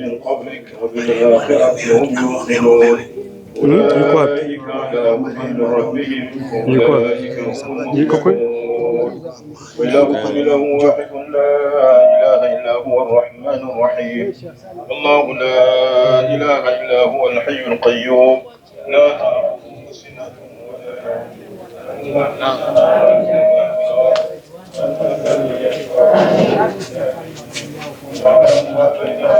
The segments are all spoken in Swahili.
من قبلك وبالآخرة هم يوقنون أولئك على هدى ربهم أولئك هم وإله له واحد لا إله إلا هو الرحمن الرحيم الله لا إله إلا هو الحي القيوم لا تأخذه سنة ولا نوم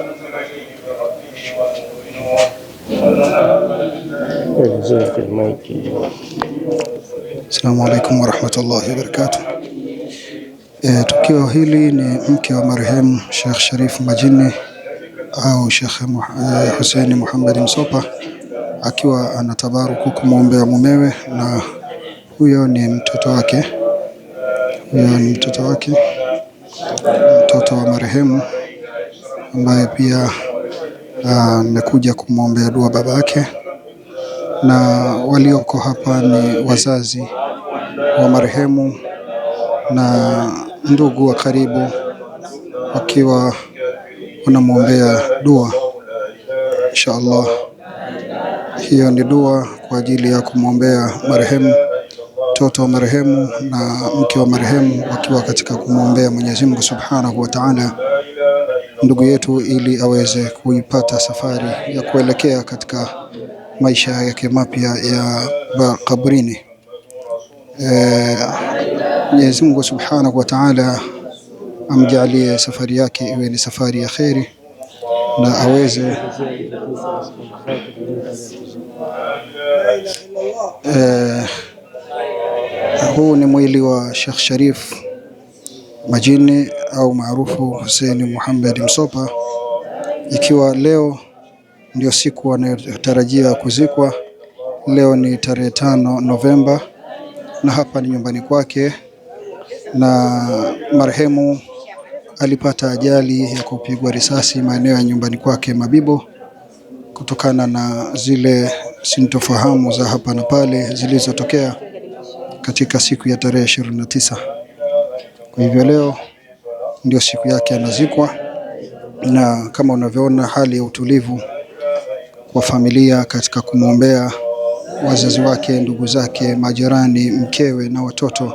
Assalamu alaikum warahmatullahi wabarakatuh. E, tukio hili ni mke wa marehemu Sheikh Sharif Majini au Sheikh e, Hussein Muhammad Msopa akiwa anatabaruku kumwombea mumewe, na huyo ni mtoto wake, huyo ni mtoto wake, mtoto wa marehemu ambaye pia e, amekuja kumwombea dua baba yake na walioko hapa ni wazazi wa marehemu na ndugu wa karibu wakiwa wanamwombea dua. Insha Allah, hiyo ni dua kwa ajili ya kumwombea marehemu, mtoto wa marehemu na mke wa marehemu, wakiwa katika kumwombea Mwenyezi Mungu Subhanahu wa Ta'ala ndugu yetu ili aweze kuipata safari ya kuelekea katika maisha yake mapya ya kaburini. Eh, Mwenyezi Mungu Subhanahu wa Ta'ala amjalie safari yake iwe ni safari ya kheri na aweze eh, huu ni mwili wa Sheikh Sharif Majini au maarufu Hussein Muhammad Msopa, ikiwa leo ndio siku wanayotarajiwa kuzikwa. Leo ni tarehe tano Novemba na hapa ni nyumbani kwake, na marehemu alipata ajali ya kupigwa risasi maeneo ya nyumbani kwake Mabibo, kutokana na zile sintofahamu za hapa na pale zilizotokea katika siku ya tarehe ishirini na tisa. Kwa hivyo leo ndio siku yake anazikwa, na kama unavyoona hali ya utulivu wa familia katika kumwombea wazazi wake, ndugu zake, majirani, mkewe na watoto,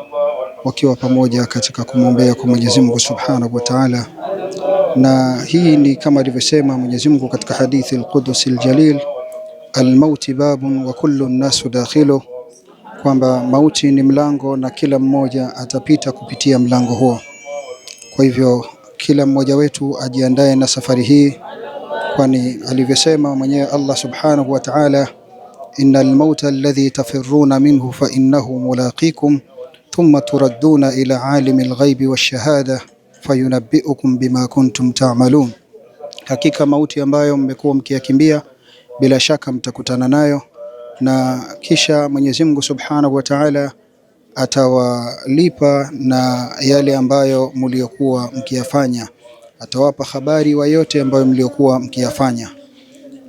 wakiwa pamoja katika kumwombea kwa Mwenyezi Mungu Subhanahu wa Ta'ala. Na hii ni kama alivyosema Mwenyezi Mungu katika hadithi al qudus al-Jalil, almauti babun wa kullu nasu dakhilu, kwamba mauti ni mlango na kila mmoja atapita kupitia mlango huo. Kwa hivyo kila mmoja wetu ajiandae na safari hii kwani alivyosema mwenyewe Allah subhanahu wa ta'ala, innal mauta alladhi tafiruna minhu fa innahu mulaqikum thumma turadduna ila alimil ghaibi washahada fayunabbiukum bima kuntum ta'malun, hakika mauti ambayo mmekuwa mkiyakimbia bila shaka mtakutana nayo, na kisha Mwenyezi Mungu subhanahu wa ta'ala atawalipa na yale ambayo mliokuwa mkiyafanya atawapa habari wa yote ambayo mliokuwa mkiyafanya,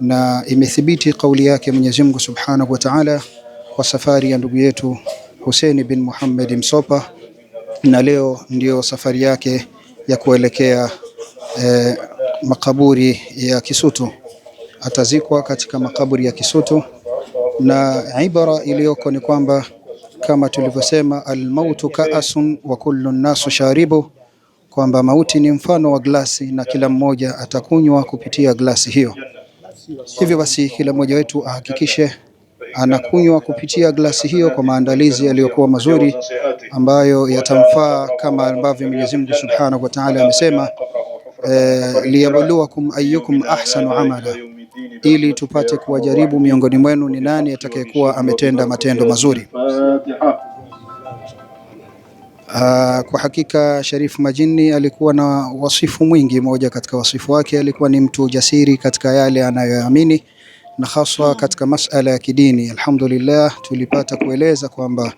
na imethibiti kauli yake Mwenyezi Mungu Subhanahu wa Ta'ala kwa safari ya ndugu yetu Hussein bin Muhammad Msopa, na leo ndiyo safari yake ya kuelekea eh, makaburi ya Kisutu. Atazikwa katika makaburi ya Kisutu, na ibara iliyoko ni kwamba kama tulivyosema, almautu kaasun wa kullu nnasu sharibu kwamba mauti ni mfano wa glasi na kila mmoja atakunywa kupitia glasi hiyo. Hivyo basi kila mmoja wetu ahakikishe anakunywa kupitia glasi hiyo kwa maandalizi yaliyokuwa mazuri ambayo yatamfaa kama ambavyo Mwenyezi Mungu Subhanahu wa Ta'ala amesema eh, liyabluwakum ayyukum ahsanu amala, ili tupate kuwajaribu miongoni mwenu ni nani atakayekuwa ametenda matendo mazuri. Uh, kwa hakika Sharif Majini alikuwa na wasifu mwingi. Moja katika wasifu wake alikuwa ni mtu jasiri katika yale anayoamini na haswa katika masala ya kidini. Alhamdulillah, tulipata kueleza kwamba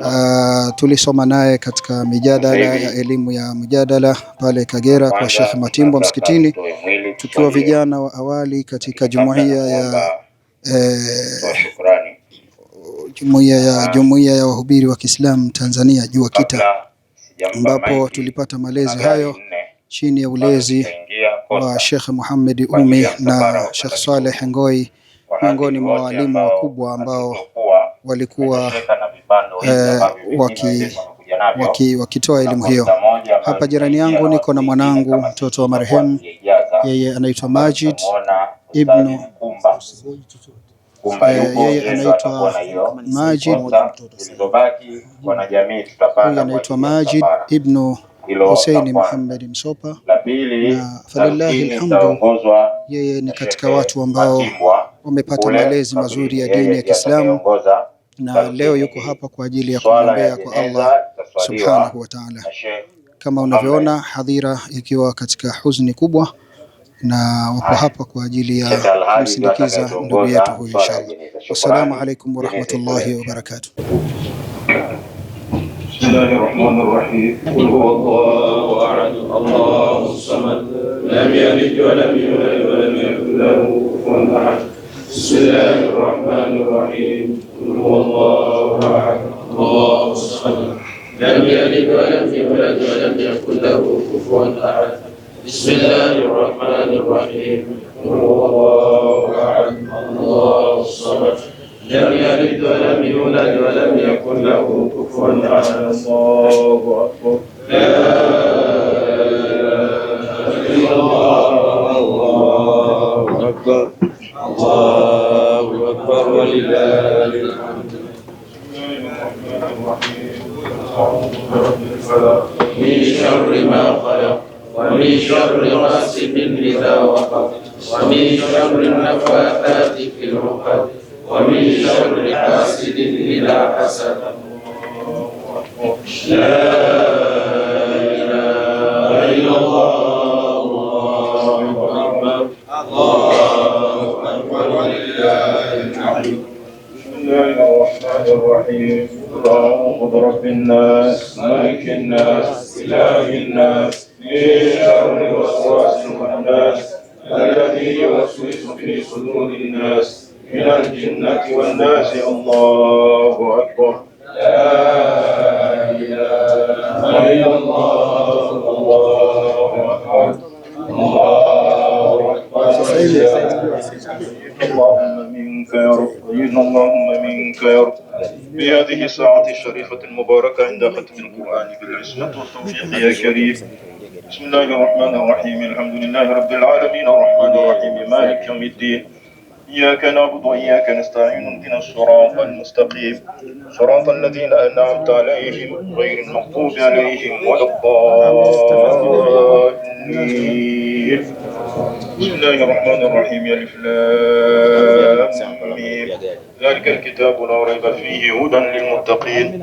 uh, tulisoma naye katika mijadala ya elimu ya mjadala pale Kagera kwa Sheikh Matimbo msikitini, tukiwa vijana wa awali katika jumuiya ya eh, jumuiya ya ah. jumuiya ya wahubiri wa Kiislamu Tanzania Jua Kita, ambapo tulipata malezi hayo chini ya ulezi wa Sheikh Muhammad Umi na Sheikh Saleh Ngoi, miongoni mwa walimu wakubwa ambao walikuwa eh, waki wakitoa waki elimu hiyo. Hapa jirani yangu niko na mwanangu mtoto wa marehemu, yeye anaitwa Majid Ibnu Kumba eh, yupo Yesu Majid, zilizobaki wanajamii tutapanda. Anaitwa Majid ibnu Hussein Muhammad Msopa, na falillahi alhamdu, yeye ni katika watu ambao wamepata malezi mazuri ya dini ya Kiislamu na leo yuko hapa kwa ajili ya kuombea kwa Allah subhanahu wa ta'ala. Kama unavyoona hadhira ikiwa katika huzuni kubwa na wako hapa kwa ajili ya kumsindikiza ndugu yetu huyu inshallah. Wassalamu alaikum warahmatullahi wabarakatuh. wa wa بسم الله الرحمن الرحيم هو الله احد الله الصمد لم يلد ولم يولد ولم يكن له كفوا احد الله اكبر لا اله الا الله الله اكبر ومن شر غاسق إذا وقب ومن شر النفاثات في العقد ومن شر حاسد إذا حسد لا إله إلا الله الرحمن الرحيم اللهم رب الناس ملك الناس إله الناس الذي يوسوس في صدور الناس من الجنة والناس الله أكبر لا إله إلا الله الله أكبر الله أكبر اللهم منك يا رب اللهم منك يا رب في هذه الساعة الشريفة المباركة عند ختم القرآن بالعصمة والتوفيق يا كريم بسم الله الرحمن الرحيم الحمد لله رب العالمين الرحمن الرحيم مالك يوم الدين إياك نعبد وإياك نستعين اهدنا الصراط المستقيم صراط الذين أنعمت عليهم غير المغضوب عليهم ولا الضالين بسم الله الرحمن الرحيم ألف لام ذلك الكتاب لا ريب فيه هدى للمتقين